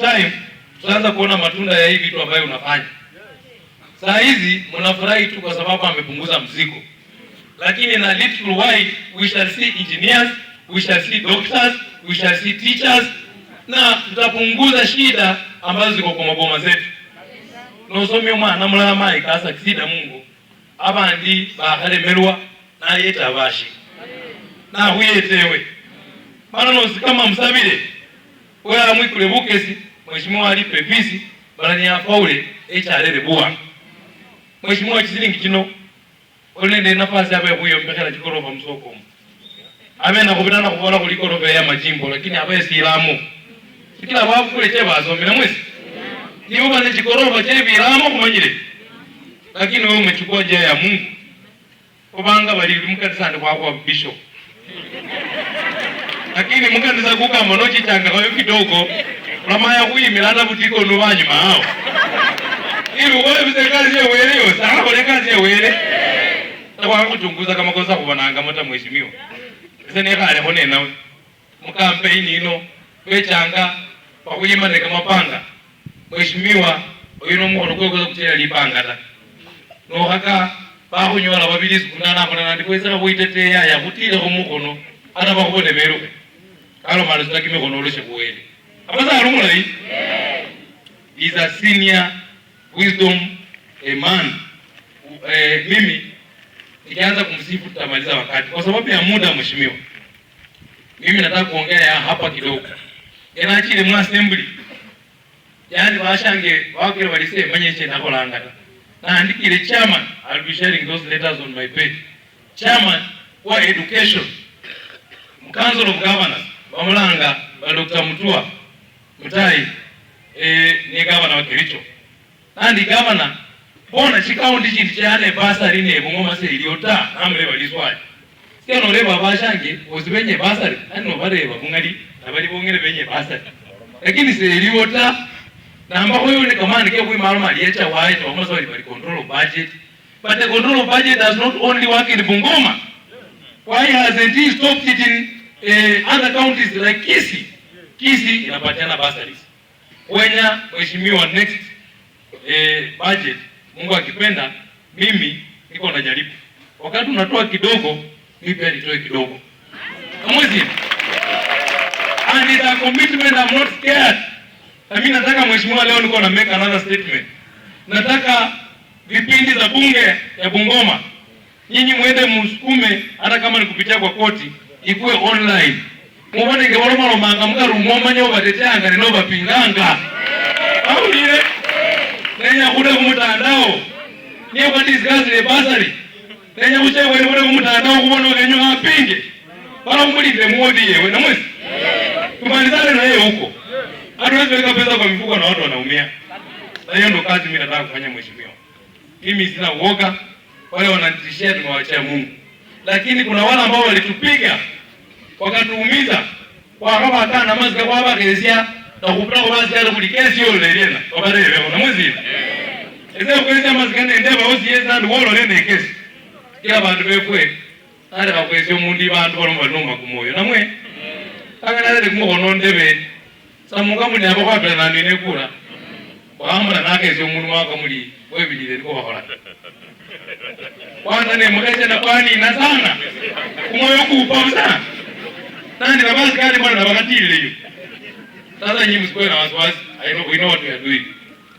time tutaanza kuona matunda ya hii vitu ambayo unafanya saa hizi. Mnafurahi tu kwa sababu amepunguza mzigo, lakini na little while we shall see engineers, we shall see doctors, we shall see teachers, na tutapunguza shida ambazo ziko kwa maboma zetu na nosomie omwana mai kasa kisida mungu abandi bakhalemelwa nayeta bashi nakhuyeta ewe mana nosikama musabile kwa kwera mwikule bukezi mheshimiwa alipe visi balani ya faule echa alele bua mheshimiwa chizilingi kino olende nafasi hapa ya buyo mpekera chikorofa msoko na kubina na kubola kulikorofa ya majimbo lakini hapa ya isilamu kila wafu kule cheba na azomela ni niwe bale chikorofa chebi ilamu kumanyile lakini wewe umechukua njia ya Mungu kubanga bali mkati sana kwa kwa bishop lakini mungu mukandiza kugamba nochichangakoyo kidogo ulamaya kuyimilana kuti ikonu wanyuma awo ili ukolebisa ikazi yewele yo sakakole ikazi yewele takwakakuchunguza kamakosa kuvanangamo tamweshimiwa ese nekhalekho nenawe mukampeini ino kwechanga pakuyimaneka mapanga mweshimiwa oyino mukhono kwekoza kuchela lipanga ta nokhaka pakhunyola vavili sikunanakhona nandikoyesakha khuiteteya yakhutiilekho mukhono ata vakhubone velukhe alo mara malizitagime konoloshe kuwele abaza alumulai is a senior wisdom a man eh, mimi nikianza kumsifu tutamaliza wakati kwa sababu ya muda. Mheshimiwa, mimi nataka kuongea ya hapa kidogo chile mwa assembly yani nge wakile walise manye che andiki naandikile chairman I'll be sharing those letters on my page chairman wa education council of governors Omulanga Dr. Mutua Mutai eh, ni gavana wa Kericho andi gavana bona chikaundi chiti chane basari ne bungoma se iliota namre baliswaje keno leba bashange ozibenye basari nani nobareba bungali abali bongere benye basari lakini se iliota na namba huyu ni kamani ke kuima alma aliacha wae wama amasa bali control of budget but the control of budget does not only work in Bungoma why hasn't he stopped it in eh, other counties like Kisi. Kisi inapatiana bursaries. Kwenye mheshimiwa next eh, budget Mungu akipenda mimi niko na jaribu, Wakati unatoa kidogo, mimi pia nitoe kidogo. Kamwezi. And it's a commitment I'm not scared. Na mimi nataka mheshimiwa, leo niko na make another statement. Nataka vipindi za bunge ya Bungoma nyinyi muende msukume, hata kama ni kupitia kwa koti ikuwe online muboneke balomalomanga mugari mwomanya obatetanga nene obapinganga awulire nenya kude kumutandao niye kwadisgasile basari nenya kuchebwene kude kumutandao kubona okenyo kapinge bala kumulinde muodi yewe namwesi tumalizane naye huko weka pesa kwa mifuko na watu wanaumia na hiyo ndo kazi mimi nataka kufanya mheshimiwa mimi sina uoga wale wanatishia tumewachia Mungu lakini kuna wale ambao walitupiga wakatuumiza wakabatana mazika kwabakezya nakupilako bazikale kuli kesi yololelena wabatelepeko namwezina ezekwezya mazika nendeba osiyeza ndi wololena ekesi kila bantu befwe ate kakwezya omundu bantu balimo balinouma kumoyo namwe akanatete kumukhono ndebe samuka muli nabo khwapilana nine kula wahamala nakesya omundu mwaka muli webilile niko wakhola kwanza nemukesya nakwanina sana kumoyo kuupa sana sasa nikabaki kali bwana na wakati ile hiyo. Sasa nyinyi msikoe na wasiwasi. I know we know what we are doing.